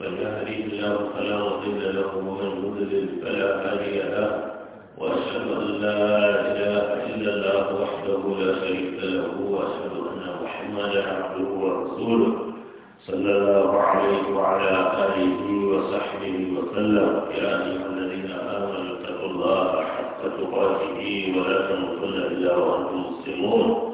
من يهدي الله فلا مضل له ومن يضلل فلا هادي له واشهد ان لا اله الا الله وحده لا شريك له واشهد ان محمدا عبده ورسوله صلى الله عليه وعلى اله وصحبه وسلم يا ايها الذين امنوا اتقوا الله حق تقاته ولا تموتن الا وانتم مسلمون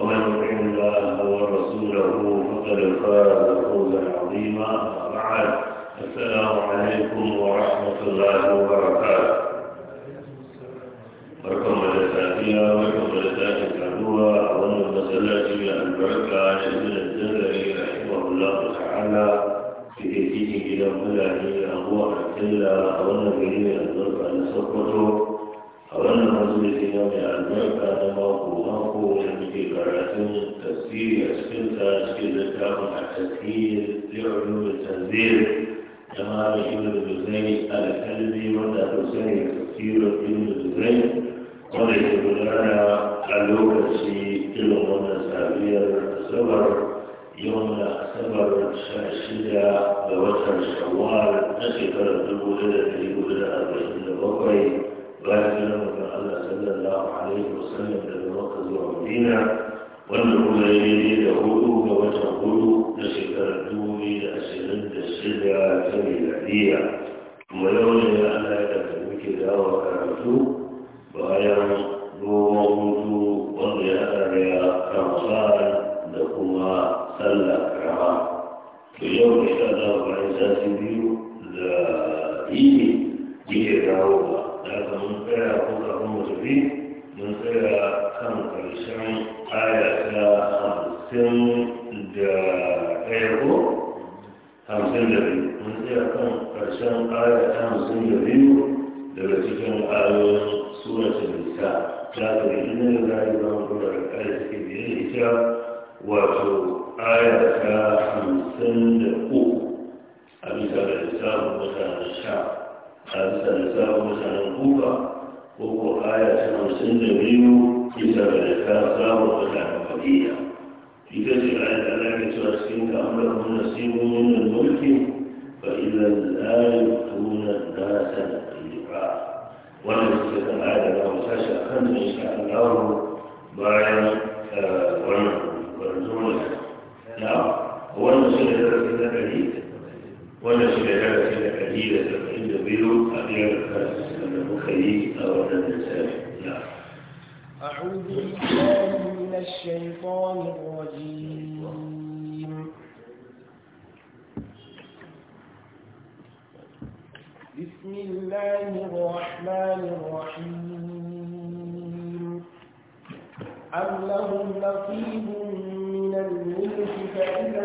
ومن يطع الله ورسوله فقد فاز فوزا عظيما بعد السلام عليكم ورحمه الله وبركاته بركم جزاكينا بركم جزاك الكعبوة أظن المسألات إلى أن بركة جزيلا الزهري رحمه الله تعالى في تأتيه إلى ملعه أبو عبد الله أظن به أن بركة a wannan majalisi na mai albarka na mako mako wani muke karatun tasiri a cikin ta cikin littafin a tasiri zirin da tanzir da mara ibn zuzai alkalbi wanda ta sani tasirin ibn zuzai wanda ke gudana a lokaci irin wannan safiyar asabar يوم اعتبر شاشدة بوتر شوال نسي فرد الولد في arba'in da bakwai. bayan jiran Allah sallallahu alaihi wasallam daga Makka zuwa Madina wanda kuma ya yi da hudu ga watan hudu na shekarar dubu biyu da ashirin da shida ta miladiya kuma yau ne ya Allah ya da muke dawo karatu bayan goma hudu wanda ya tsariya ramsan da kuma sallah karama to yau ne ya dawo bayan sati biyu da yi yake dawowa da mun tsaya ko kafin mu tafi mun tsaya kan karshen aya ta hamsin da ɗaya ko hamsin da biyu mun tsaya kan karshen aya ta hamsin da biyu daga cikin ayoyin suratul nisa ta ga inna lillahi wa inna ilaihi raji'un da ita wato aya ta hamsin da uku a bisa da lissafin mutanen sha حديث النساء مثلا كوفة وهو آية خمسين دبيو كتاب النساء صار وكان قضية في كتب الآية لك ترسلك أمرهم نسيب من الملك فإذا لا يؤتون الناس نقيبا wannan suke kan ayar da mu tashi a kan da shi a dawo bayan wannan wannan na wannan shi ne darasi na dari wannan shi ne darasi na dari da da biyu a biyar da أعوذ بالله من الشيطان الرجيم بسم الله الرحمن الرحيم أم لهم نصيب من الملك فإذا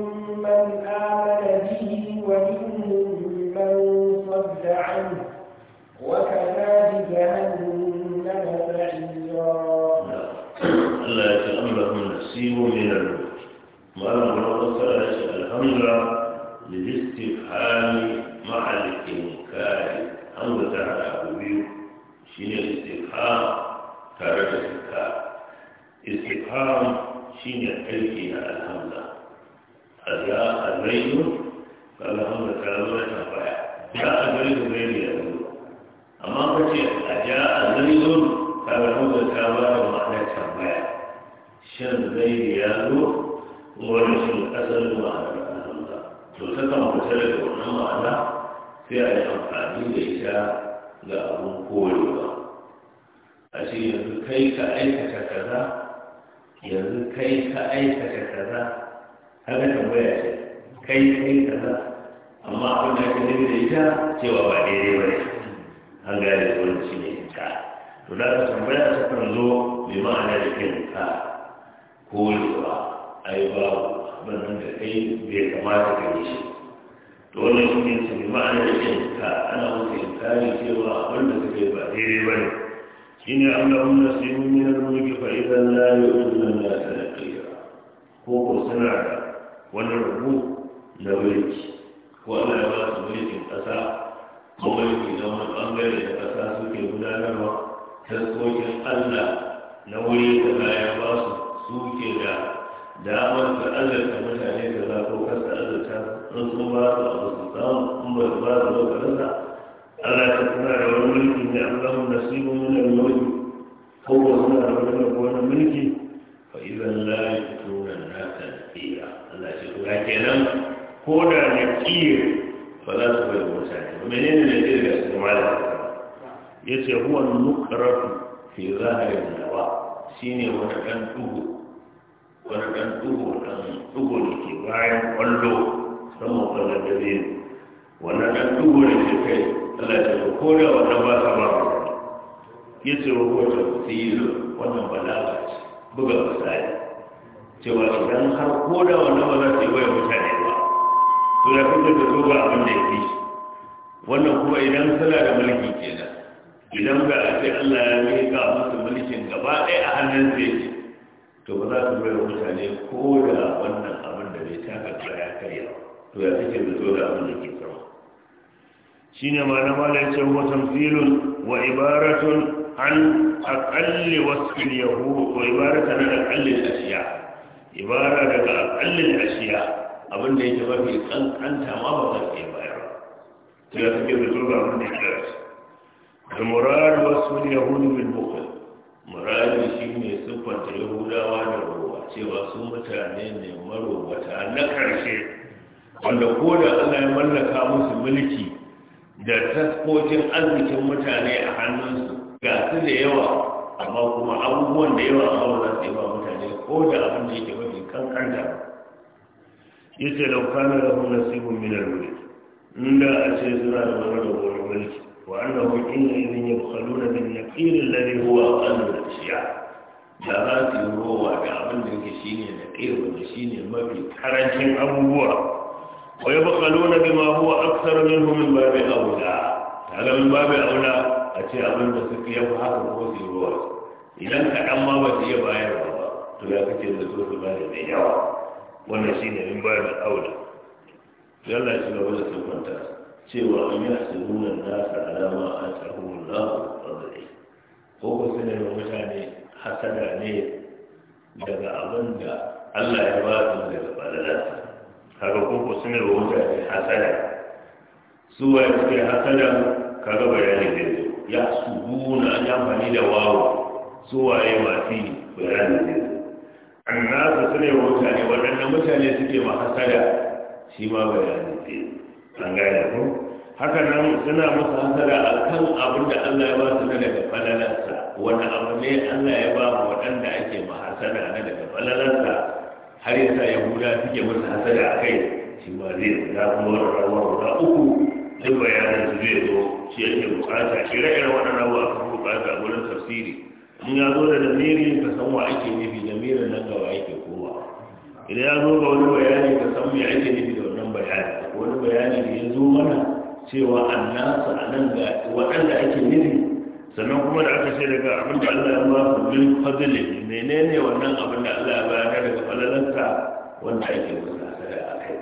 نصيب من الم bai kamata ka yi shi to wannan shi ne su ma'anar yin ka ana wuce yin cewa wanda suke ba daidai ba ne shi ne an gabin da su yi mummunar mulki fa'idan layu ɗin na sadakaiya ko ko suna da wani rubu na mulki ko ana ba su mulkin kasa ko mulki na wani bangare da ƙasa suke gudanarwa taskokin allah na wuri da ya ba su suke da damar da azurta mutane da za ko kasa azurta in sun ba su abu su samu in ba su ba su zo garinsa Allah ta kuna da wani mulki ne an samu nasibin wani mulki ko ba suna da wani wani mulki fa idan la na nasa tsira Allah ce kuma kenan ko da na kiyo ba za su bai mutane ba menene ne ke da su mala yace huwa nukratu fi zahirin dawa shine wata ɗan duhu wani ɗan ɗugo ɗan ɗugo da ke bayan ƙwallo sama ƙwallon da zai wani ɗan ɗugo da ke kai ala ya ce ko da wannan ba ta ba ya ce wa ko da wannan balaga ce buga misali cewa idan har ko da wannan ba za su yi waya mutane ba to ya fitar da toba abin da ya fi wannan kuma idan suna da mulki kenan idan ga a ce Allah ya miƙa musu mulkin gaba ɗaya a hannun zai to ba za su bai mutane ko da wannan abin da bai taka ya karya to ya take da zo da abin da ke sama shi ne ma na malai ce wa tamfilun wa ibaratun an aƙalli wasu yahudu wa ibaratun an aƙalli ashiya ibara daga aƙalli ashiya abin da yake mafi kankanta ma ba za iya bayar to ya take da zo da abin da ke da su da murar wasu yahudu bin bukul Muradi shi ne siffanta yahudawa da ruwa cewa su mutane ne marowata na ƙarshe wanda ko da ana yi mallaka musu mulki da taskokin arzikin mutane a hannunsu ga su da yawa amma kuma abubuwan da yawa a za su yi ba mutane ko da abin da yake mafi kankanta yace da kwanar da hulun sibin minar mulki inda a ce suna da mara da wani mulki وأنه حينئذ يبخلون بالنكير الذي هو أقل الأشياء da za su yi rowa da abin da yake shi ne da ɗaya wanda shi ne mafi karancin abubuwa wai bakalo na bima huwa aksar min humin babi aula tare min babi aula a ce abin da suka yafi haka ko su yi rowa idan kaɗan ma to ya kace yawa shi ne min cewa an yi asibunan nasa alama an tsarhun lahu rabbi ko ko ne yi mutane hasada ne daga abin da Allah ya ba su daga falalarsa kaga ko ko ne yi mutane hasada su wa suke hasada kaga bayani da zo ya subuna an yi amfani da wawo su waye mafi bayani da zo an nasa ne yi mutane waɗannan mutane suke ma hasada shi ma bayani da zo an gane ko haka nan suna musu hasara a kan abin da Allah ya ba su na daga falalarsa wani abu ne Allah ya ba mu waɗanda ake ma hasara na daga falalarsa har yasa yahuda suke musu hasara a kai shi zai ta kuma rarrawa guda uku duk bayanin su zai zo shi yake bukata ire-iren waɗannan ba su bukata wurin tafsiri in ya zo da lamiri ka san wa ake nufi lamirin nan gaba ake kowa idan ya zo ga wani bayani ka san me ake nufi da wannan bayani wani bayani da ya zo mana cewa annasu a nan ga waɗanda ake nufi sannan kuma da aka ce daga abin da Allah ya ba su bin fadilin menene wannan abin da Allah ya bayar daga falalarsa wanda ake wasa da akai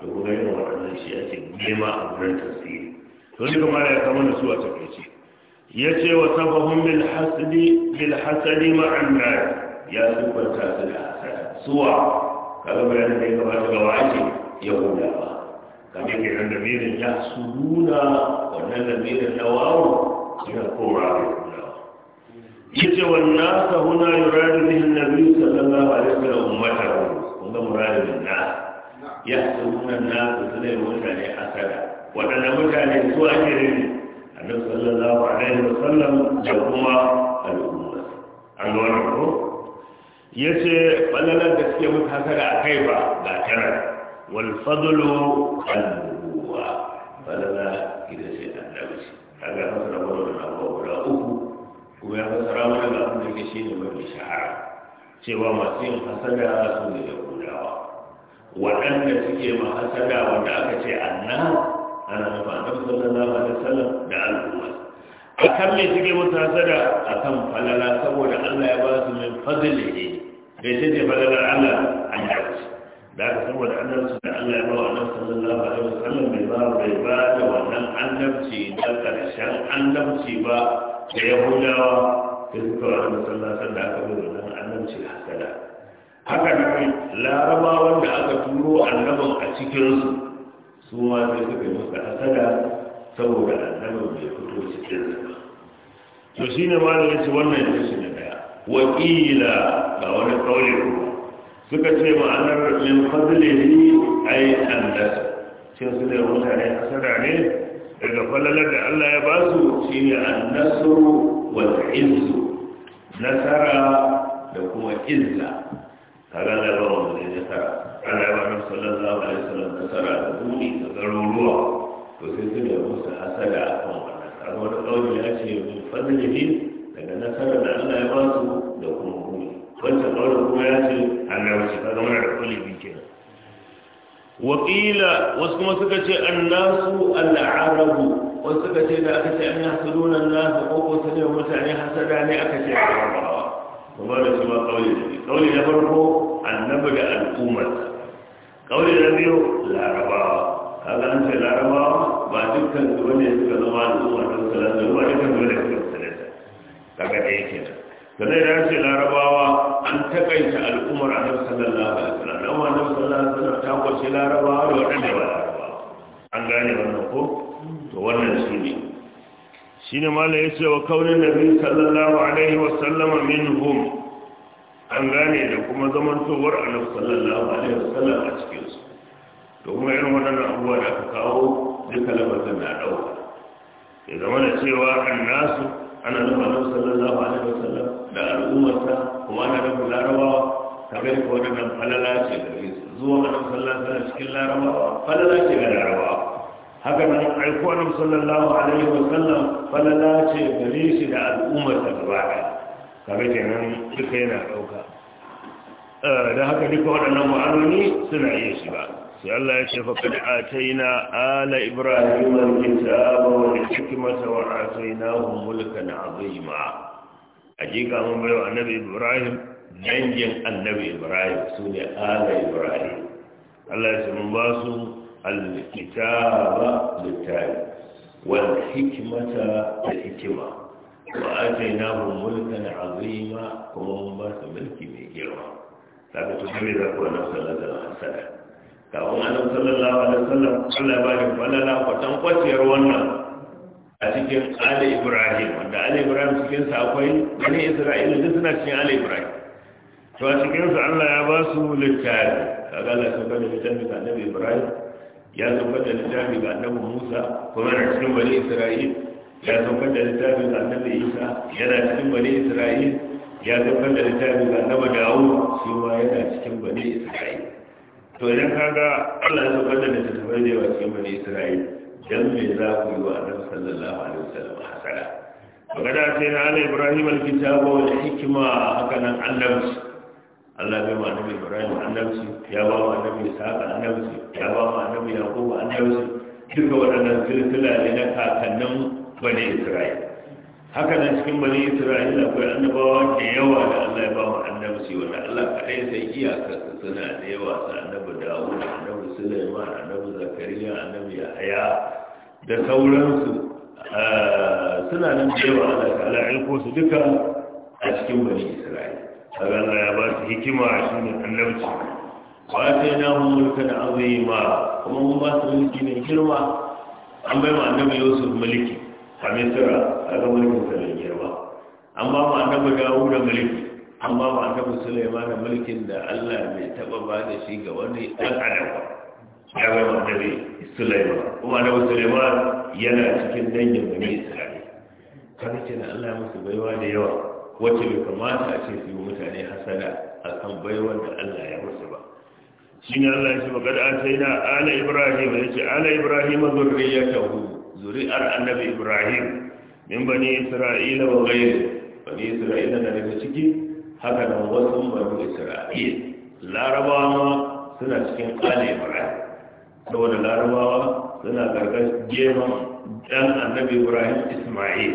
da kuma yin waɗannan shi ake nema a wurin tasiri to shi kuma ya kama da su a takaice ya ce wa sabahun bil hasadi ma'an hasadi ya ya sifanta su da hasada suwa kaga bayanin da ya gabata ga ake yahudawa kamar ke nan da mirin ya su nuna wannan da mirin na wawo suna kora da kula ya ce wannan ka huna yurari bihin nabi sallallahu alaihi wasallam ummata kun ga muradin na ya su nuna na su suna yi mutane asada waɗanda mutane su ake rini annabi sallallahu alaihi wasallam da kuma al'umma an ga wannan ko ya ce ɓallalar da suke mutu hasada a kai ba ga tarar والفضل النبوة فلذا إذا سيدنا النبي هذا فسر أول من ولا أبوه kuma ya fasara mana ga abin da ke shi ne mafi shahara cewa masu yin hasada su ne yahudawa waɗanda suke ma wanda aka ce anna ana nufa annabi sallallahu alaihi wasallam da al'umma a me suke musu hasada a falala saboda allah ya ba min fadlihi bai ce falala allah an da aka saboda annabci da Allah ya ba wa annabi sallallahu alaihi wasallam bai ba bai ba da wannan annabci da karshen annabci ba da yahudawa da suka wa annabi sallallahu alaihi da aka bai wannan annabci hasada haka kai, laraba wanda aka turo annabin a cikin su su ma sai suka yi masa hasada saboda annabin bai fito cikin su ba to shine malamin wannan shi ne daya wakila ga wani kaure kuma suka ce ma'anar min fadlihi ay annas cin su ne mutane hasara ne daga falalar da Allah ya ba su ne an-nasru wata izu nasara da kuma izla kaga da ba wannan nasara ana yi wani mu sallallahu alaihi nasara da buɗi da garuruwa to sai su ne musu hasara a kan wannan kaga wani ɗauki ya ce min ni daga nasara da Allah ya ba su da kuma وانت قوله مياسل على العوسي هذا ما نعرف كل بيجينا وقيل واسكما سكت الناس العرب وسكت إذا أكت أن يحصلون الناس وقوة سليم وتعني حسد يعني أكت العرب وقال سما قولي النبي قولي نبره أن نبدأ الأمة قولي النبي العرب هذا أنت العرب باتك أن تبني أنت كذبان الأمة وسلام الأمة وسلام الأمة وسلام الأمة وسلام الأمة وسلام الأمة وسلام الأمة وسلام الأمة sannan ya ce larabawa an takaita al'ummar annabi sallallahu alaihi wasallam dan wannan sallallahu alaihi wasallam ta kwace larabawa da wadanda ba larabawa an gane wannan ko to wannan shine shine malai yace wa kaunin nabi sallallahu alaihi wasallam minhum an gane da kuma zamantowar annabi sallallahu alaihi wasallam a cikin su to kuma irin wannan abubuwa da aka kawo duka lafazin na dauka ya zama da cewa annasu ana da annabi sallallahu alaihi wasallam da al'ummarsa kuma ana da larabawa ta bai ko da nan falala ce da zuwa annabi sallallahu alaihi wasallam cikin larabawa falala ce ga larabawa haka nan aiko annabi sallallahu alaihi wasallam falala ce gare shi da al'ummarsa gaba ɗaya kaga kenan duka yana ɗauka eh, da haka duka waɗannan ma'anoni suna iya shi ba sai Allah ya ce faqad ataina ala Ibrahim al-Kitabu, ibrahima alkitaba wal hikmata wa atainahum mulkan azima hakika mun bayo annabi ibrahim dangin annabi ibrahim sune ala ibrahim Allah ya ce mun ba su alkitaba littafi wal hikmata da hikima wa atainahum mulkan azima kuma mun ba su mulki mai girma kaga to sai da ko na sallallahu alaihi wasallam kawon annabi sallallahu alaihi wasallam Allah ba shi falala kwatan kwaciyar wannan a cikin Ali Ibrahim wanda Ali Ibrahim cikin sa akwai bani Isra'ila duk suna cikin Ali Ibrahim to a cikin sa Allah ya ba su littafi kaga Allah ya ba da annabi Ibrahim ya sun da littafi ga annabi Musa kuma yana cikin bani Isra'ila ya sun da littafi ga annabi Isa yana cikin bani Isra'ila ya sun da littafi ga to idan kaga Allah ya saukar da littattafai da yawa cikin bani Isra'il dan me za ku yi wa Annabi sallallahu alaihi wasallam hasara da sai na ala Ibrahim al-kitaba wal hikma haka nan annabci Allah bai ma Annabi Ibrahim annabci ya ba wa Annabi Isaac annabci ya ba wa Annabi Yaqub annabci duka waɗannan filfila ne na kakannin bani Isra'il haka nan cikin bani isra'ila akwai annabawa da yawa da allah ya ba wa annabi shi wanda allah kaɗai sai iyaka suna da yawa su annabi dawud annabi suleiman annabi zakariya annabi yahaya da sauransu ah, suna nan da yawa allah ala ilko su duka a cikin bani isra'ila kaga allah ya ba su hikima a cikin annabci da وآتيناهم ملكا mulki ومن ما an bai كلمة أما yusuf يوسف a فمسرى a ga mulkin sa mai girma an ba mu annabi dawo da mulki amma ba mu annabi sulaiman da mulkin da Allah bai taba ba da shi ga wani dan adam ba ya bai annabi sulaiman kuma annabi sulaiman yana cikin dangin bani isra'ila kana ce na Allah musu baiwa da yawa wacce bai kamata a ce su yi mutane hasada a kan baiwar da Allah ya musu ba Shin Allah ya ce magana a sai na ala ibrahim ya ce ala ibrahim zurriyatahu zuri'ar annabi ibrahim min bani isra'ila wa ghayr bani isra'ila na daga ciki haka nan wasu bani isra'ila larabawa suna cikin ali ibrahim saboda larabawa suna karkar gefen dan annabi ibrahim isma'il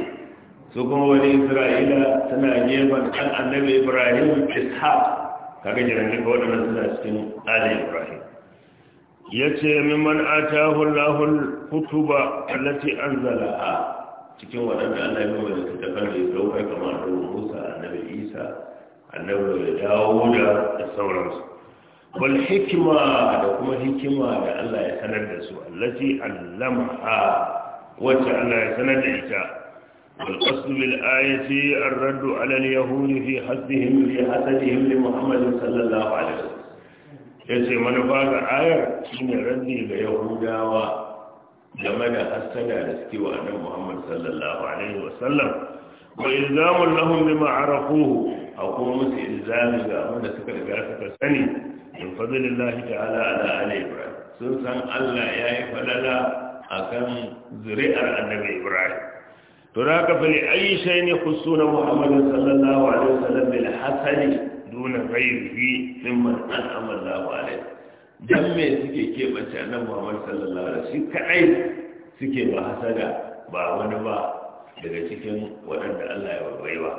su kuma wani isra'ila suna gefen dan annabi ibrahim ishaq kaga jiran duka waɗannan suna cikin ali ibrahim ya ce min mimman atahu lahul kutuba allati anzalaha cikin waɗanda Allah ya kawai da su dafa da ya kai kamar ruwan Musa annabi Isa annabi da dawo da sauransu. Wal hikima da kuma hikima da Allah ya sanar da su allaci allamha wacce Allah ya sanar da ita. Wal kasu bil ayati arraddu alal yahudi fi hasdihim fi hasadihim li Muhammad sallallahu alaihi wasallam. Yace manufa ga ayar shine raddi ga Yahudawa game da hasada da suke wa annabi Muhammad sallallahu alaihi wasallam wa ilzamun lahum bima arafuhu a kuma musu ilzami ga abin da suka riga suka sani in fadlillahi ta'ala ala ali ibrahim sun san Allah ya yi falala akan zuri'ar annabi ibrahim to da ka fali ayi shay ne khusuna Muhammad sallallahu alaihi wasallam bil hasani duna ghairihi mimman an'ama Allahu alaihi dan me suke a nan muhammad sallallahu alaihi shi kadai suke ba hasada ba wani ba daga cikin waɗanda Allah ya ba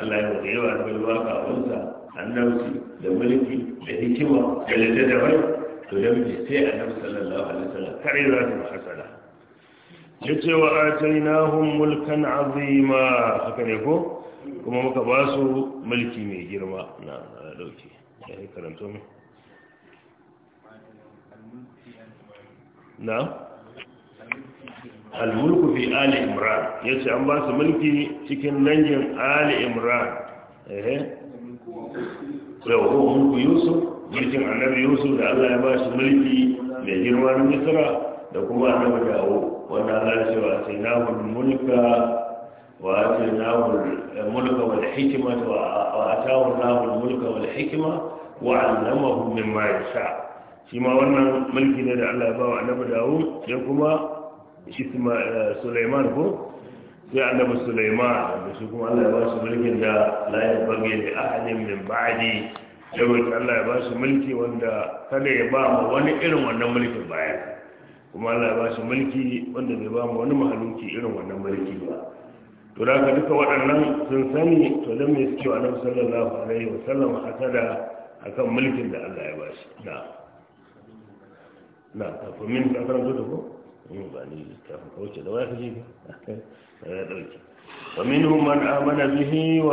Allah ya baiwa da baiwa kawansa annabci da mulki da hikima da littattafai to dan me sai annabi sallallahu alaihi sallam kare za su hasada ya ce wa atainahum mulkan azima haka ne ko kuma muka ba su mulki mai girma na dauke ya karanto mai na al-mulku fi ali imran yace an ba su mulki cikin nanjin ali imran eh yau ko mulku yusuf mulkin annabi yusuf da Allah ya ba shi mulki mai girma na misra da kuma annabi dawo wanda Allah ya ce wa sai na mulka وآتيناه الملك والحكمة mulka wal hikma wa 'allamahu mimma yasha' shi ma wannan mulki ne da Allah ya bawa annabi Dawud sai kuma kuma eh, Sulaiman ko sai annabi Sulaiman da shi kuma Allah ya ba shi mulkin da la ya bage da ahadin min ba'di sai Allah ya ba shi mulki wanda kada ya ba mu wani irin wannan mulkin baya kuma Allah ya ba shi mulki wanda bai ba mu wani mahaluki irin wannan mulki ba to da ka duka waɗannan sun sani to dan me suke wa annabi sallallahu alaihi wasallam hasada akan mulkin da Allah ya ba shi na'am na kafin min ka karanta da ko in ba ni kafin da bihi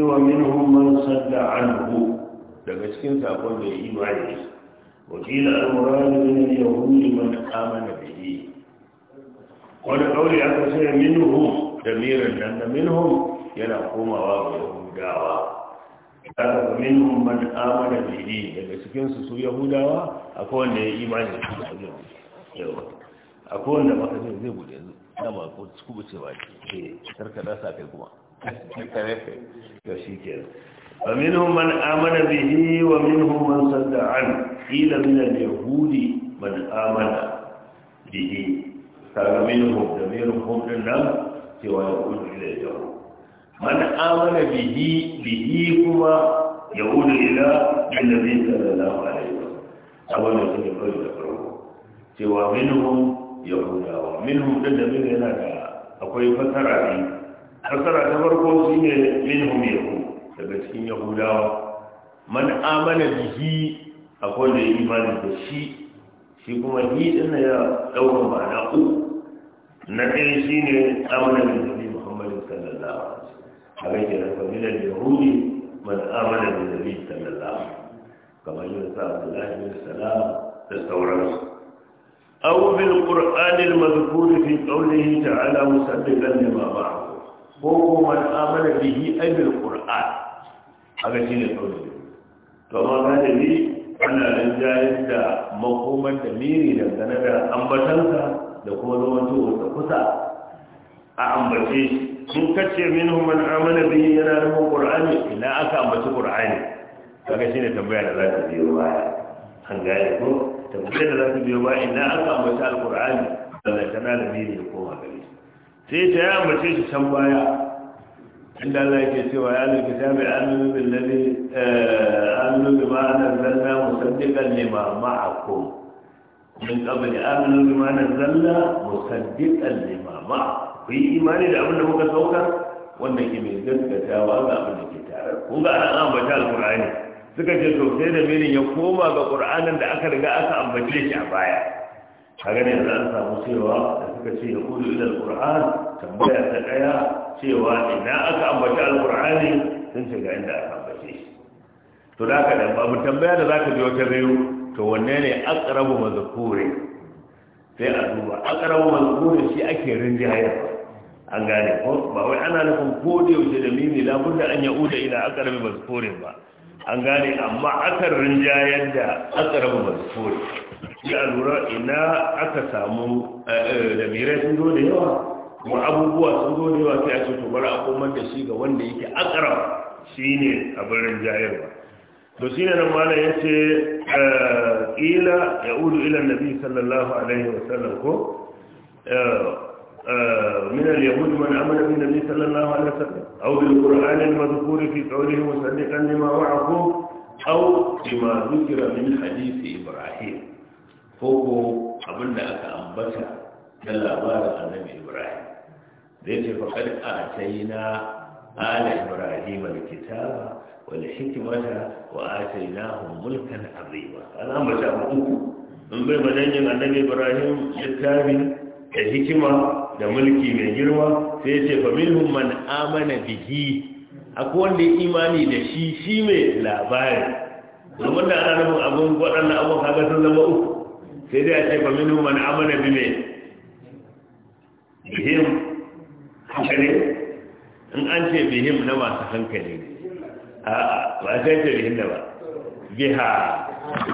wa man daga cikin da وقيل المراد من اليهود من آمن به wani ɗauri aka ce minhu da mirin nan minhu yana komawa ga yahudawa ومنهم من آمن به daga cikin su su yahudawa akwai wanda ya imani da su yawa akwai wanda ba kace zai bude yanzu dama kuma cewa ke tarka eh, da sa kai kuma kare kai to shikenan ومنهم من آمن به ومنهم من صد عنه قيل من اليهود من آمن به فمنهم ضميرهم لله سوى يقول إلى اليهود man amana bihi bihi kuma ya wuce ila annabi sallallahu alaihi wasallam saboda su ne kawai da farko cewa minhum yahudawa minhum din da min yana da akwai fasara ne fasara ta farko shine minhum yahud daga cikin yahudawa man amana bihi akwai da imani da shi shi kuma ni din ya dauka ma'ana uku na ɗaya shine amana bihi Muhammadu sallallahu alaihi abin da rafa minan da ruri man amana da nabi sallallahu kamar yin sa Allah ya sala da sauran su aw bil qur'an al mazkur fi qawlihi ta'ala musaddiqan lima ba'd ko ko man amana bihi ay bil qur'an aga shine sauran to amma ga da ni ana nan jayin da makoman da miri da ganada ambatansa da kuma zama to kusa a ambace in kace min man amana bihi yana nufin qur'ani ina aka ambaci qur'ani kaga shine tambaya da zaka biyo baya an gane ko tambaya da zaka biyo baya ina aka ambaci alqur'ani Allah kana da miri da koma gare sai ta ya ambace shi can baya inda Allah yake cewa ya alika tabi aminu bil ladhi eh, aminu bima anzalna musaddiqan lima ma'akum min qabli aminu bima anzalna musaddiqan lima ma'akum ku yi imani da abin da muka sauka? wanda ke mai gaskatawa ga abin da ke tare ku ga an ambata alqur'ani suka ce to sai da menin ya koma ga qur'anin da aka riga aka ambace shi a baya kaga ne za a samu cewa da suka ce ya kudu ila alqur'an tambaya ta daya cewa ina aka ambata alqur'ani sun ce ga inda aka ambace shi to da ka dan babu tambaya da zaka ji wata rayu to wanne ne aqrabu mazkure sai a duba aqrabu mazkure shi ake rinjaye an gane ko ba wai ana nufin ko da yaushe da mimi da an ya'uda ila aqrabi mazkurin ba an gane amma akan rinjayar da aqrabi mazkur ya lura ina aka samu eh, eh, da mire sun zo da yawa kuma abubuwa sun zo da yawa sai a ce to bari a koma da shi ga wanda yake Shi ne abin ba to ne nan mala yace eh, ila udu ila nabi sallallahu alaihi wasallam ko من اليهود من امن بالنبي صلى الله عليه وسلم او بالقران المذكور في قوله مصدقا لما معكم او بما ذكر من حديث ابراهيم فوقه abin da aka ambata da labarin annabi ibrahim da yake faƙar a ta yi na ala ibrahim alkitaba wal hikimata wa a ta yi na mulkan azima bai madanyin annabi ibrahim littafi ya hikima da mulki mai girma sai ce fa man amana bihi akwai wanda ya imani da shi shi mai labari domin da ana nufin abin waɗannan abin kaga sun zama uku sai dai a ce fa man amana bi mai bihim hankali in an ce bihim na masu hankali a ba sai ce bihim da ba biha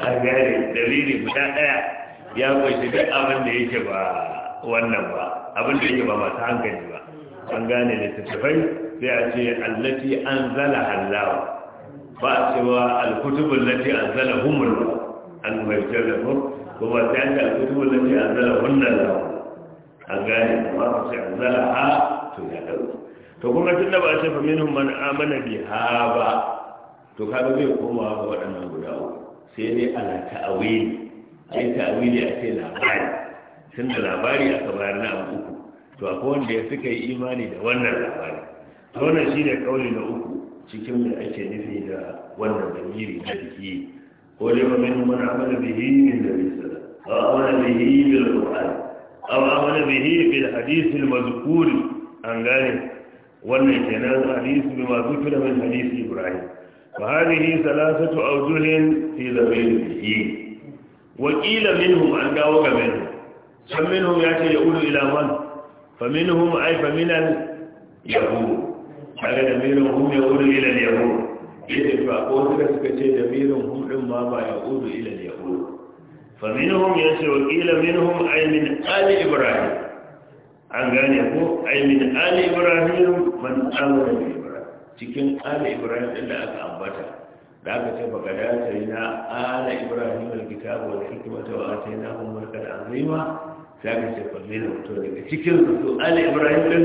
a gari dalili guda ɗaya ya kwaishe duk abin da yake ba wannan ba abin da yake ba masu hankali ba an gane littattafai sai a ce an zala hallawa. ba a cewa alkutubul lati anzala humul al-mujalladur kuma sai an ga alkutubul lati anzala hunna Allah an gane amma ba an zala ha to ya dauki to kuma tun da ba a shafa fa minhum man amana biha ba to kaga zai koma ga waɗannan guda uku sai dai ala ta'awili ai ta'awili a ce labari tun da labari aka bayar na abu uku to akwai wanda ya suka yi imani da wannan labari to wannan shi ne kauli na uku cikin da ake nufi da wannan zamiri na jiki ko dai wa min man amala bihi min nabi sallallahu alaihi wasallam aw amala bihi bil qur'an aw amala bihi bil hadith al mazkur an gane wannan kenan hadith bi ma zikra min hadith ibrahim wa hadhihi thalathatu awjuh fi zamiri wa qila minhum an dawo ga minhum فمنهم يأتي يقول إلى من فمنهم أي فمن اليهود هذا دمير يقول إلى اليهود إذا فأقول لك دمير هم إما ما يقول إلى اليهود فمنهم يأتي إلى منهم أي من آل إبراهيم عن قال يقول أي من آل إبراهيم من آمن إبراهيم cikin ala ibrahim ɗin da aka ambata da aka ce baka dace na ala ibrahim alkitabu wal hikmata wa atayna hum mulkan azima za ka ce kwalle da daga cikin su ali ibrahim din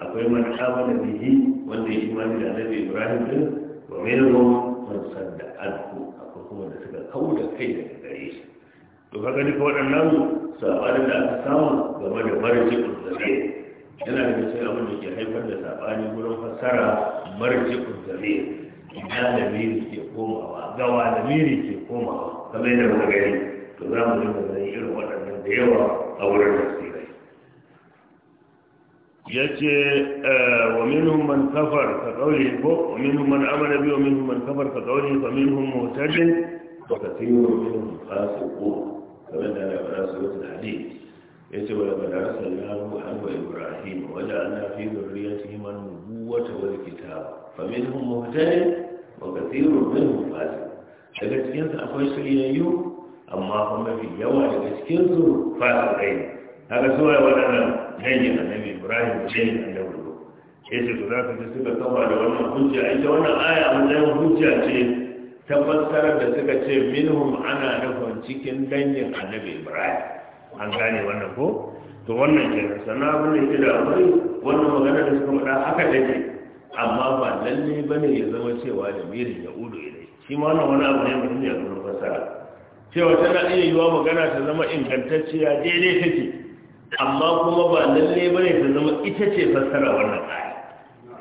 akwai man amana bihi wanda ya imani da annabi ibrahim din wa minhum wani sanda alku akwai kuma da suka da kai daga gare shi to ka gani ka waɗannan saɓanin da aka samu game da marji uzzare yana da cikin abin da ke haifar da saɓani wurin fassara marji uzzare ina lamiri ke komawa gawa miri ke komawa kamar yadda muka gani to za mu yi irin waɗannan da yawa a wurin tafsirai ya ce wa minhum man kafar ka kauli ko wa minhum man amana bi wa minhum man kafar ka kauli fa minhum muhtadin wa kathirun minhum fasiqun kamar da Allah ya rasu da hadisi yace wa laqad arsalna nuha wa ibrahim wa ja'alna fi dhurriyyatihim an-nubuwwata wal kitaba fa minhum muhtadin wa kathirun minhum fasiqun daga cikin akwai shiryayyu amma kuma mafi yawa daga cikin su fasu kai haka ya wai hanyar da nabi ibrahim ganyen annabi da ya ce su za su ji suka kafa da wannan hujja a ita wannan aya a matsayin hujja ce ta fassarar da suka ce minhum ana nufin cikin dangin annabi ibrahim an gane wannan ko to wannan ke sannan abin da ke da akwai wannan magana da suka faɗa haka take amma ba lalle ba ne ya zama cewa da mirin ya udo dai shi ma wannan wani abu ne mutum ya zama fasara cewa tana iya yiwa magana ta zama ingantacciya daidai ta ce amma kuma ba lalle ba ne ta zama ita ce fassara wannan aya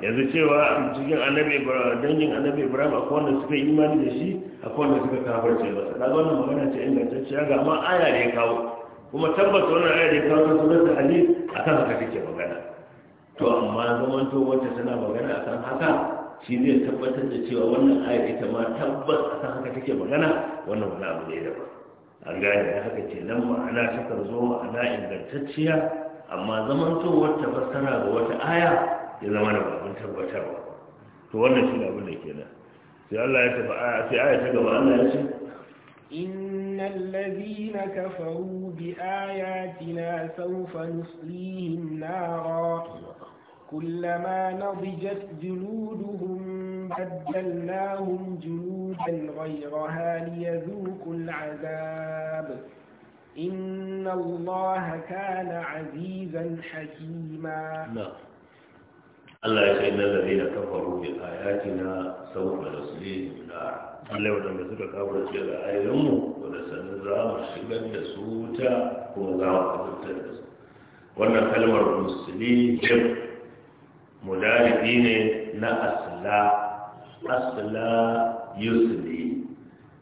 yanzu cewa cikin annabi ibrahim dangin annabi ibrahim akwai wanda suka imani da shi akwai wanda suka kafirce ba ta wannan magana ce ingantacciya ga ma aya da ya kawo kuma tabbata wannan aya da ya kawo ta sunan a akan haka take magana to amma zaman to wacce tana magana akan haka shi zai tabbatar da cewa wannan ayar ita ma tabbas a san haka take magana wannan wani abu ne daban an gane da haka ce nan ma'ana ta zo ma'ana ingantacciya amma zaman to wata fassara ga wata aya ya zama da babin tabbatarwa to wannan shi abin da kenan sai Allah ya tafi aya sai aya ta gaba Allah ya ce إن الذين كفروا بآياتنا سوف نصليهم نارا كلما نضجت جلودهم بدلناهم جلودا غيرها ليذوقوا العذاب إن الله كان عزيزا حكيما لا نعم. الله يسعدنا الذين كفروا بآياتنا سوف نصليهم نار نعم. الله يودا ما سبق أول شيء على آيهم ونسنزا مرشبا يسوتا هو الله أكبر تنزل وأن كلمة المسلمين mudarifi ne na asla asla yusli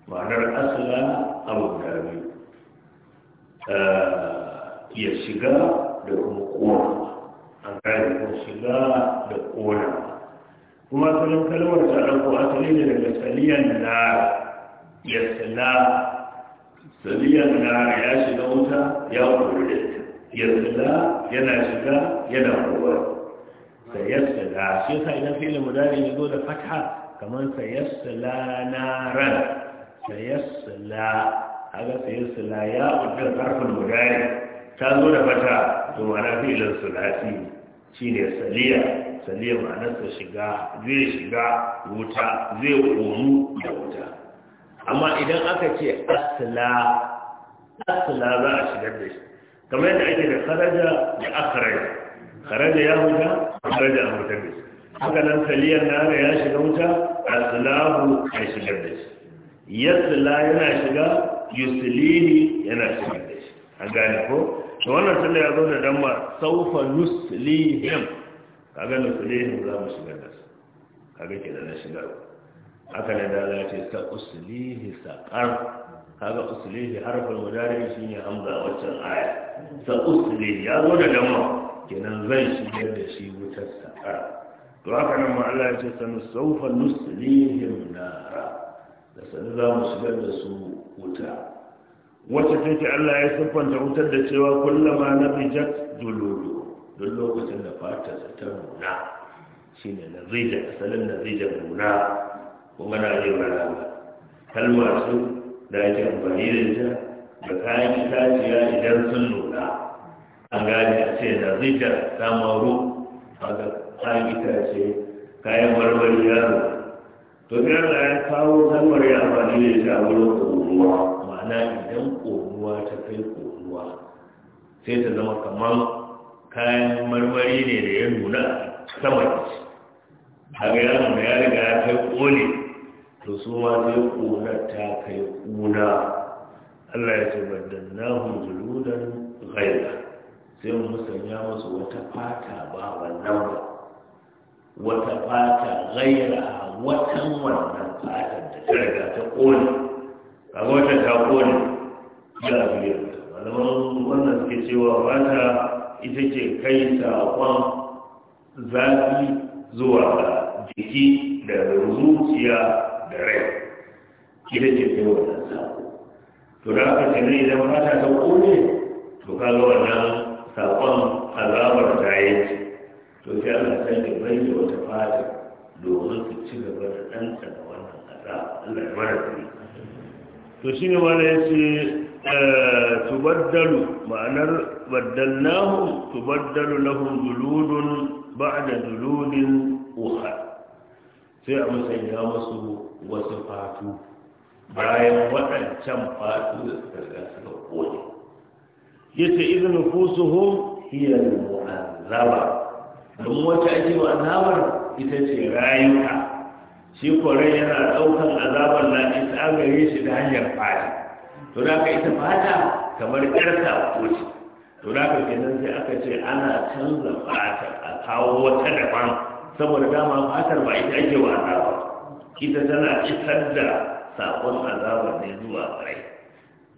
ma'anar asla abu da biyu ya shiga da kuma kona an gane ko shiga da kona kuma asalin kalmar ta ɗauko asali ne daga saliyan na ya sala saliyan na ya shiga wuta ya kore ya sala yana shiga yana kowar سيسلا شيخ إذا في المدار يقول فتحة كمان سيسلا نارا سيسلا هذا سيسلا يا وجه طرف المدار تقول فتحة ثم أنا في الثلاثي شيني سليا سليا معنى سشقا زي شقا وطا زي قومو يوطا أما إذا أكتش أسلا أسلا لا ما أشجدش كمان عندنا خرج أخرج kharaja ya huta kharaja a hutar da shi haka nan taliyar ga ya shiga wuta aslahu ya shigar da shi yasla yana shiga yusulini yana shigar da shi A gane ko to wannan sallah ya zo da dan ma saufa nuslihim kaga nuslihim za mu shigar da su kaga ke da na shigar haka ne da Allah ce ta uslihi saqar kaga uslihi harfin mudari shine hamza waccan aya ta uslihi ya zo da dan kenan zai shigar da shi wutar sa'ara to haka nan Allah ya ce sanu saufa nuslihim nara da sanu za mu shigar da su wuta wacce take Allah ya siffanta wutar da cewa kullama na bijat dululu don lokacin da fatarsa ta nuna shi ne na zija asalin na zija nuna kuma na yi rana ba kalmar su da ake amfani da ita da kayan itaciya idan sun nuna an gane a ce na zika ta maru a ga kayan itace kayan marmari yaro to biyar da ya kawo kalmar ya amfani ne shi a wurin ƙoruwa ma'ana idan ƙoruwa ta kai ƙoruwa sai ta zama kamar kayan marmari ne da ya nuna sama da shi haka yaro da ya riga ya kai ƙone to su ma sai ƙuna ta kai ƙuna Allah ya ce baddannahum don ghayra sai mu musanya wasu wata fata ba wannan ba wata fata gaira watan wannan fata da ta riga ta kone a wata ta kone ya biya malaman wannan suke cewa fata ita ce kai saƙon zafi zuwa ga jiki da zuciya da rai ita ce ta wannan saƙo to da aka ce ne idan fata ta kone to kaga wannan saƙon alamar ta yi to sai san sai bai da wata fata domin su ci gaba da ɗanta da wannan ƙasa, Allah ya mara to shi ne mana ya ce su eh, baddalu ma'anar baddalnahum tubaddalu lahum zuludun da zuludin uha sai a musanya musu wasu fatu bayan waɗancan fatu da suka ga kone yace idan nufusuhum hiya al-mu'azzaba dan wacce ake wa azabar ita ce rayuka shi kore yana daukan azabar na isa gare shi da hanyar fadi. to da ka ita fata kamar karta ko to da ka kenan sai aka ce ana canza fata a kawo wata daban saboda dama fatar ba ita ake wa azaba ita tana isar da sakon azabar ne zuwa rai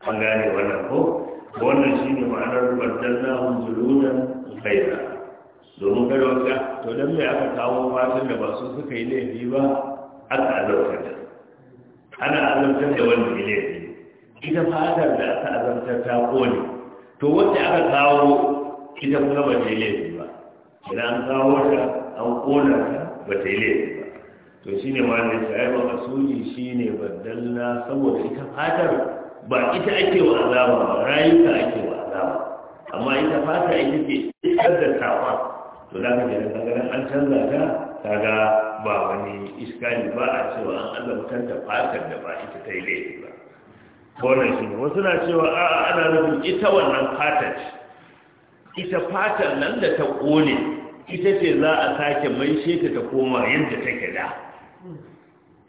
an gane wannan ko wannan shi ne ma'anar baddalla hun zulunan kaira domin wata, to don mai aka kawo fatan da ba su suka yi laifi ba aka azabtar da ana azabtar da wanda ya laifi ita fatar da aka azabtar ta kone to wanda aka kawo ita kuma ba ta yi laifi ba idan an kawo ta an kona ta ba ta yi laifi ba to shi ne ma'anar da ya yi ba shi ne saboda ita fatar ba ita ake wa azaba ba rayuka ake wa azaba amma ita fata ita ce iskar da tafa to za ka da an canza ta kaga ba wani iska ne ba a cewa an azabtar da fatar da ba ita ta yi laifi ba wannan shi ne wasu na cewa a ana nufin ita wannan fatar ita fatar nan da ta kone ita ce za a sake mai shekata ta koma yadda take da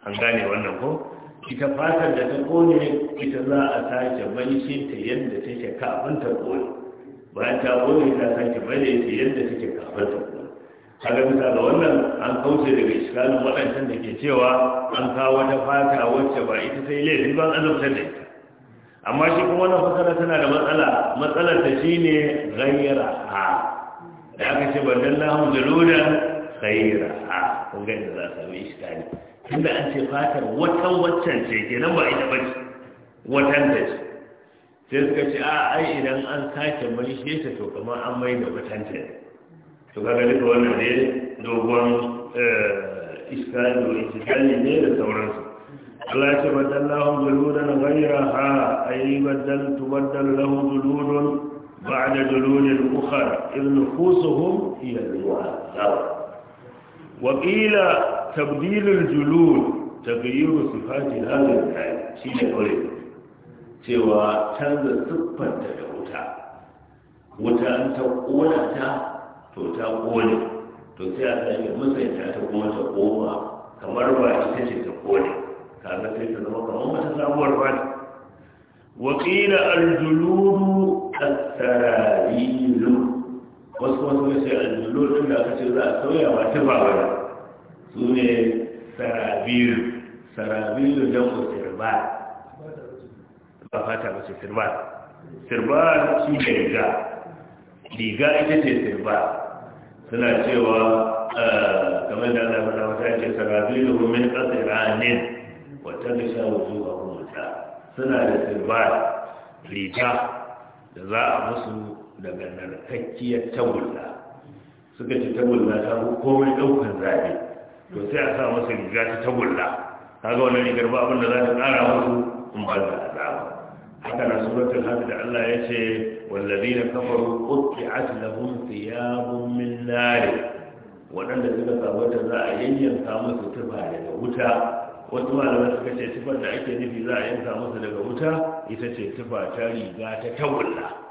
an gane wannan ko ita fatar da ta kone ita za a sake shi ta yadda take kafin ta kone bayan ta kone ta sake bane ta yadda take kafin ta kone haka bisa ga wannan an kauce daga iskalin waɗancan da ke cewa an kawo wata fata wacce ba ita sai laifin ban azabtar da ita amma shi kuma wannan fasara tana da matsala matsalar ta shine gayyara ha da aka ce ban dan lahun zaludan خيرها آه، وقال لها سوي إشكالي كما أنت فاتر وتوتن شيء لما إذا بج وتنتج تلك الشعاء آه، أي إذا أن كاك مليش ليس توقع ما أما إذا وتنتج شو قال لك وانا ليه دوبون إشكالي وإشكالي ليه لتورانس الله يتبدل لهم جلودا غيرها أي بدل تبدل له جلود بعد جلود الأخرى إذ نفوسهم هي الواحد waƙila tabdilul julul taghyiru sifati hadhihi kai shi ne kore cewa canza siffar da wuta wuta an ta ƙona ta to ta ƙone, to sai a sake musanya ta kuma ta koma kamar ba ita ce ta kone kaga sai ta zama kamar wata sabuwar fata waƙila al-jululu as-sarayilu wasu wasu ya ce lokacin da aka ce za a sauya wa ta babara su ne sarabiru sarabiru don ku sirba ba fata ba ce sirba sirba shi ne riga riga ita ce sirba suna cewa eh, kamar da ana fara wata ce sarabiru min kasiranin wata da sha wuzu ba kuma suna da sirba riga da za a musu daga narkakkiyar tagulla suka ci tagulla ta fi komai ɗaukar zaɓe to sai a sa masa riga ta tagulla ta ga wani rigar ba abinda za ta tsara musu in ba za a zama haka na suratul hadu da Allah ya ce wallazi na kafar ƙuƙi aslahun siyabun min nari waɗanda suka samu ta za a yayyanka musu tufa daga wuta wasu malamai suka ce tufar da ake nufi za a yanka musu daga wuta ita ce tufa ta riga ta tagulla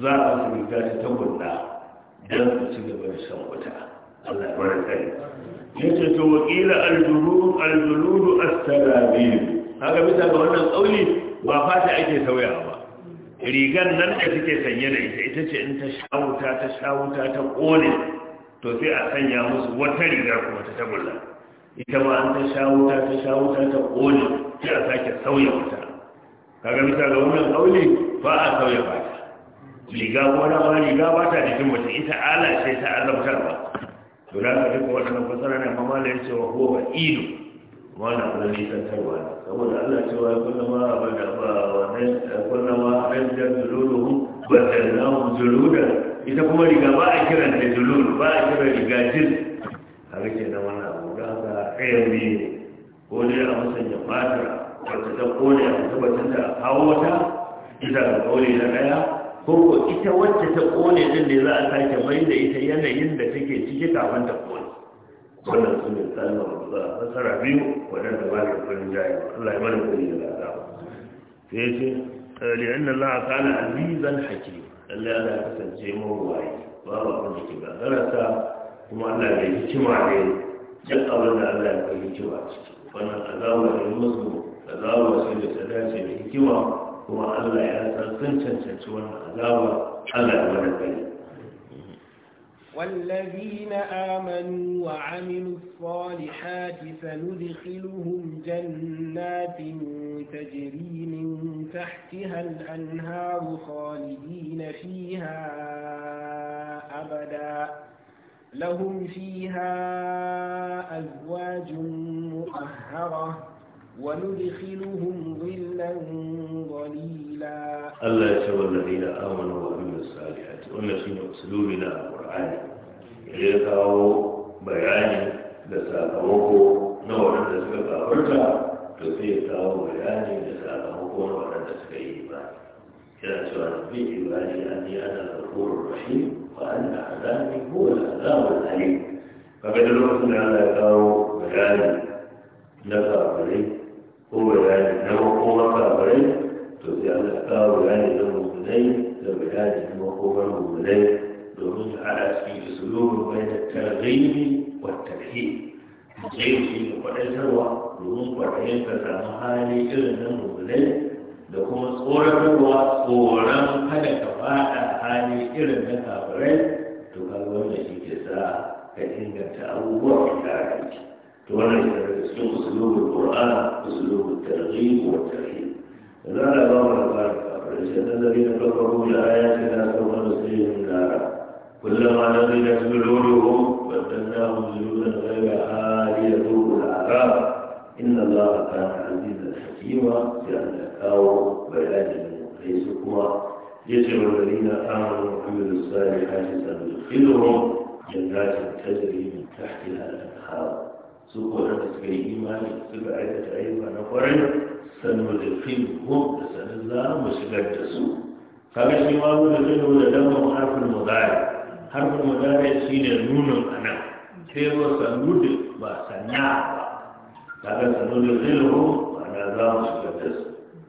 za a rubuta ta ta gunna don su ci gaba da shan wuta Allah ya bar kai yace to wakila aljulud aljulud astarabil haka bisa ga wannan kauli ba fata ake sauyawa ba rigan nan da suke sanye da ita ita ce in ta sha wuta ta sha wuta ta kone to sai a sanya musu wata riga kuma ta tagulla ita ma an ta sha wuta ta sha wuta ta kone sai a sake sauya wuta kaga bisa ga wannan kauli ba a sauya ba liga wani ma liga ba ta jikin mace ita ala ce ta azabtarwa to da ka duka waɗannan fasara ne amma la ce wa huwa ido wannan abin nisantarwa ne saboda Allah cewa ya kunna ma abin da ba wannan kunna ma bada da zululuhu ba da namu zuluda ita kuma riga ba a kira da zulul ba a kira riga jin haka ke na wannan abu da haka ɗaya biyu ne ko dai a musanya fata wacce ta kone a tabbatar da hawo wata ita ga kauli na ɗaya Koko ita wacce ta kone din da za a sake mai da ita yanayin da take ciki kafin ta kone wannan su ne tsalma za a fasara biyu waɗanda ba da kurin jayi Allah ya mana kuri da lada sai ce li'an Allah kana azizan hakim Allah ya kasance mawuwayi ba ba kun ki gagarata kuma Allah ya hikima ne duk abin da Allah ya kai hikima ciki wannan azawa yi musu azawa sai da ta dace da hikima kuma Allah ya san sun cancanci wannan والذين آمنوا وعملوا الصالحات سندخلهم جنات تجري من تحتها الأنهار خالدين فيها أبدا لهم فيها أزواج مطهرة وندخلهم ظلا ظليلا الله يتوى الذين آمنوا وعملوا الصالحات وأن في أسلوبنا القرآن يلقوا بيان لساقوه نوعا لساقه ورجع تسيقه بيان لساقه نوعا لساقه كان سؤال في عبادي أني أنا الغفور الرحيم وأن عذابي هو العذاب الأليم فبدل الرسول على يقاو بيان نفع عليه suka samu hali irin na mulai da kuma tsoratarwa tsoron kada ka faɗa hali irin na kafirai to kaga wanda shi ke sa ka inganta abubuwa da aiki to wannan shi daga cikin usulubul qur'an usulubul targhib wa tarhib za a ba mu labarin kafirai shi da zari na kafaru da ayati na kuma da sayin nara kullama na zai da su lulu wa tannahu zululan ghayra hali da tuqul arab إن الله كان عزيزا حكيما لأن أو بيان ليس هو يجعل الذين آمنوا وعملوا الصالحات سندخلهم جنات تجري من تحتها الأنهار سوى أن تكون إيمان سبع عدة أيضا نفرين سندخلهم سنزا مشغل تسوء فمش إمام الذين هو حرف المضارع حرف المضارع سين نون أنا كيف سندخل وسنع هذا سندخله على دار سكتس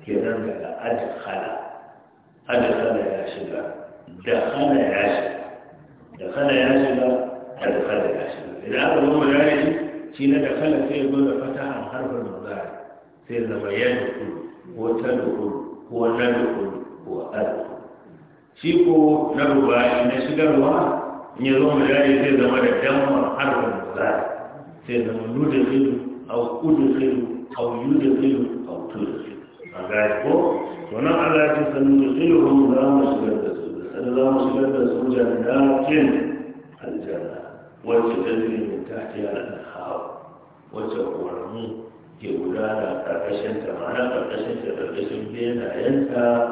كلام على أدخل أدخل يا شباب دخل يا شباب دخل يا شباب أدخل يا شباب إذا أردنا مدارج شين دخل في يقول فتح حرف المضارع في يقول هو لما يدخل وتدخل وندخل وأدخل شيكو نربا إن شجرها إن يزوم مدارج في زمان الدم حرف المضارع في زمان ندخل أو أدخل أو يدخل أو تدخل أقاعدكم وأنا على سندخلهم لا مشكلة لا مشكلة لكن الجنة وتجري من تحتها الأنهار وتقوم يولانا قرقشن تمانا قرقشن تقرقشن بينا ينسى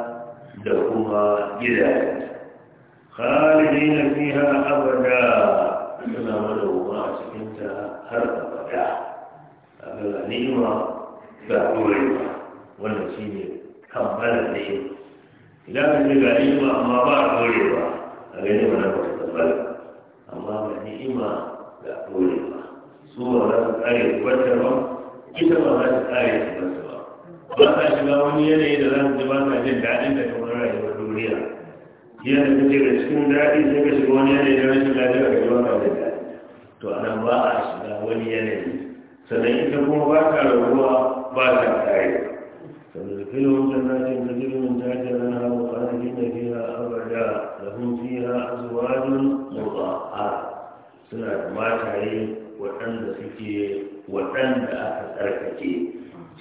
لهما جلال خالدين فيها أبدا سنا ولهما أسكنتها هر أبدا ga ni'ima ga ɗorewa wannan shi ne kammalar ni'ima idan ka ce ga amma ba a ɗorewa a ga ni'ima na ba ta kammala amma ga ga ɗorewa su ba za su tsare su barta ba ita ba za su tsare su barta ba ba sa shiga wani yanayi da za su ji ba sa jin daɗin da kamar rayuwar duniya jiya da kake da cikin daɗi sai ka shiga wani yanayi da rashin lafiya ka ji ba sa jin daɗi to anan ba a shiga wani yanayi sannan ita kuma ba ta rabuwa ba ta kare فندخلهم جنات تجري من تحتها الانهار خالدين فيها ابدا لهم فيها ازواج مطهره سنة ما تعي وأن سكي وأن أتركك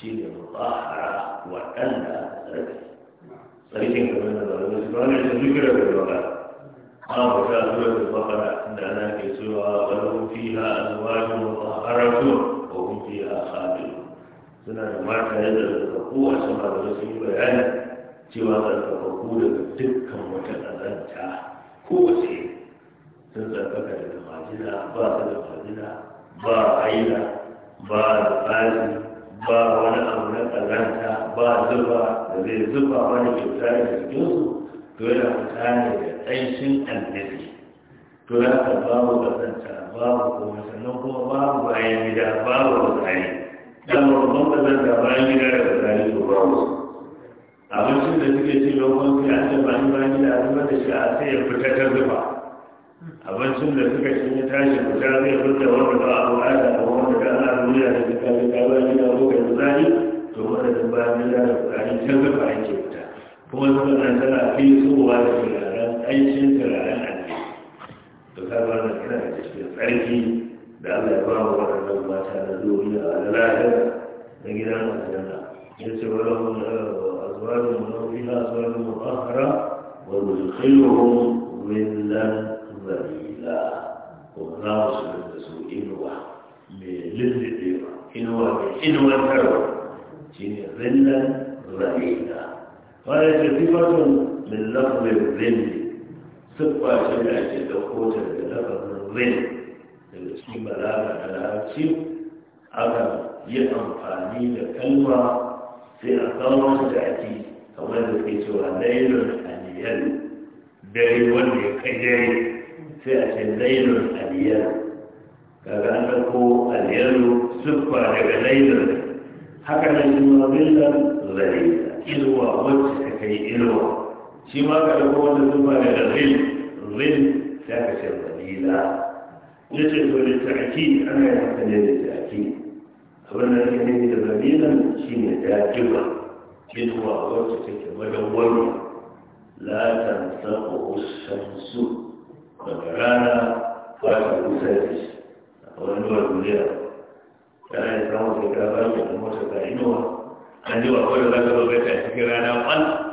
شيء مطهرة وأن أتركك صحيح كمان هذا سبحان الله ذكر بالبقرة ما بقى سورة البقرة أن أنا في سورة ولهم فيها أزواج مطهرة fi akhabi suna da mata yadda zarkaku a sama da wasu yi bayani cewa zarkaku daga dukkan wata ƙazanta ko sai sun zarkaka daga majina ba ta da majina ba aila ba alfasi ba wani abu na ƙazanta ba zuba da zai zuba wani kyauta da cikinsu to yana fita da ƙanshin annabi to za ka babu kasanta babu kuma sannan kuma babu bayan gida babu wasari dama babban kasanta bayan gida da wasari to babu abincin da suke ci lokacin sai an ce bayan bayan gida a zuba da shi a sai ya fita ta zuba abincin da suka ci ya tashi fita zai fita wanda ba a buƙata a wanda da ana duniya da suka fi bayan gida ko ga wasari to wanda da bayan gida da wasari ta zuba ake fita kuma suka nan tana fi tsohuwa da turaren aikin turaren samar da kana da cikin tsarki da Allah ya ba wa waɗannan mata na duniya na lahira na gidan aljanna ya ce wa lahu azwajun mawfiha azwajun mutahhara wa nudkhiluhum dhillan dhalila kuma za mu shigar da su inuwa mai lullubewa inuwa mai inuwantarwa shi ne dhillan dhalila wani ce sifatun min lafzin dhilli siffa ce da ake ɗauko ta daga lafazin rin daga cikin balaga da larabci aka yi amfani da kalma sai a kawo ta da ake kamar da ke cewa lailun aliyar dare wanda ya kai dare sai a ce lailun aliyar kaga an ɗauko aliyaru siffa daga lailun haka nan shi ma billan zai ilwa wacce ta kai ilwa shi ma da kuma wanda sun bane da rin rin sai ka ce zalila ya ce to da ta'aki ana yin haka ne da ta'aki abin da ake nufi da zalilan shi ne da dajiba inuwa wacce take madawwaro la tansahu su daga rana ba ta kusa da shi a wani wani duniya ta yi samun shekara ba ta kuma ta inuwa an ji wa kawai za ka zo bai ta cikin rana ɓan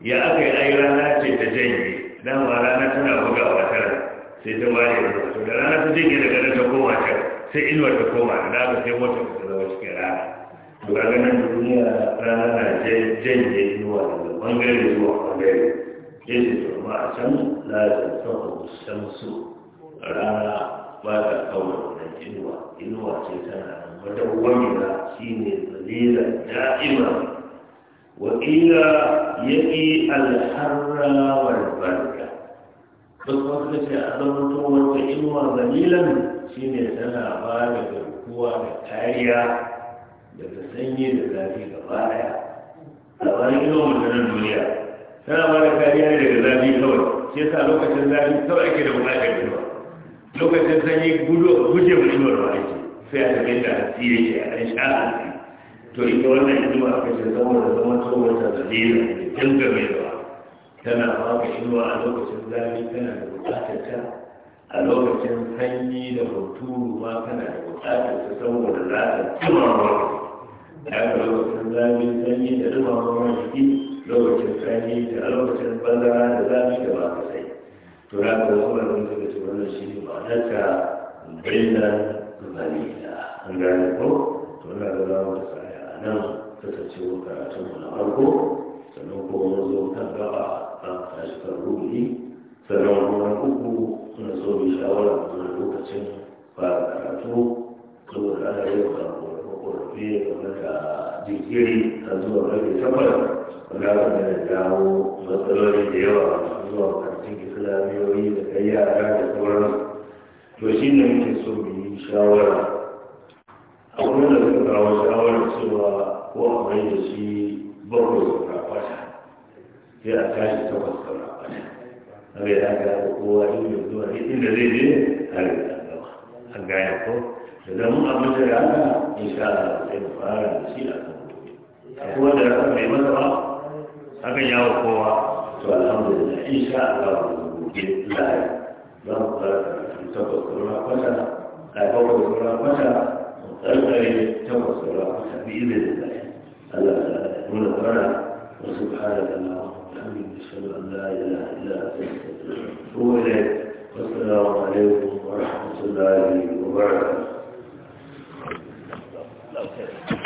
ya aka yi ai rana ce ta janye ma rana tana bugawa tara sai ta waye to da rana ta janye daga nan ta koma ta sai inuwar ta koma da aka sai wata ta zama cikin rana to ga nan duniya rana na janye inuwa daga bangare zuwa bangare ce to ma a can la ta san su rana ba ta kawo da inuwa inuwa ce tana Wata wata wani shine zalila da'ima wakila ya yi alharra wal barka duk wanda ke mutuwar wa ta inwa zalilan shine ba da garkuwa da kariya daga sanyi da zafi ga baya tsawon ino mutanen duniya tana ba da kariya daga zafi kawai shi yasa lokacin zafi kawai ake da buƙatar lokacin sanyi guje wa inuwar ba ake sai a tafi da tsiye ke a to ita wannan inuwa aka ce saboda zaman tsohonta da lera da gangamewa tana baka inuwa a lokacin zafi tana da bukatarta a lokacin sanyi da hoturu ma tana da bukatarta saboda za ta da aka lokacin zafi sanyi da dumama wani jiki lokacin sanyi da lokacin bazara da zafi da ba ka sai to na ka wasu da wani suka ce wannan shi ne ma'anarta bayyana zalila an gane ko kasance wa karatun na farko sannan kuma mun zo kan gaba a mu ruhi sannan kuma uku suna so mai shawara a lokacin fara karatu saboda ana yi wa kuma game da jinkiri a zuwa rage tabbar wanda aka da dawo matsaloli da yawa zuwa karatun islamiyoyi da kai yara da sauran to shi ne muke so mai shawara a wani da suka kawo shawarar cewa ko a mai da shi bakwai saura kwata sai a tashi takwas saura kwata a ga ya ga kowa yin da zuwa inda zai je har yi an gama an gaya ko da zama abin da rana in sha Allah sai mu fara da shi a kan gobe akwai wanda rana mai masa ba hakan yawo kowa to alhamdulillah in sha Allah gobe lahari Ba mu fara da takwas saura kwata a bakwai saura kwata tsarkare takwas saura kwata bi izinin lafiya على هنا وأنا وسبحانك اللهم وبحمدك أشهد أن لا إله إلا أنت أتوب إليك والسلام عليكم ورحمة الله وبركاته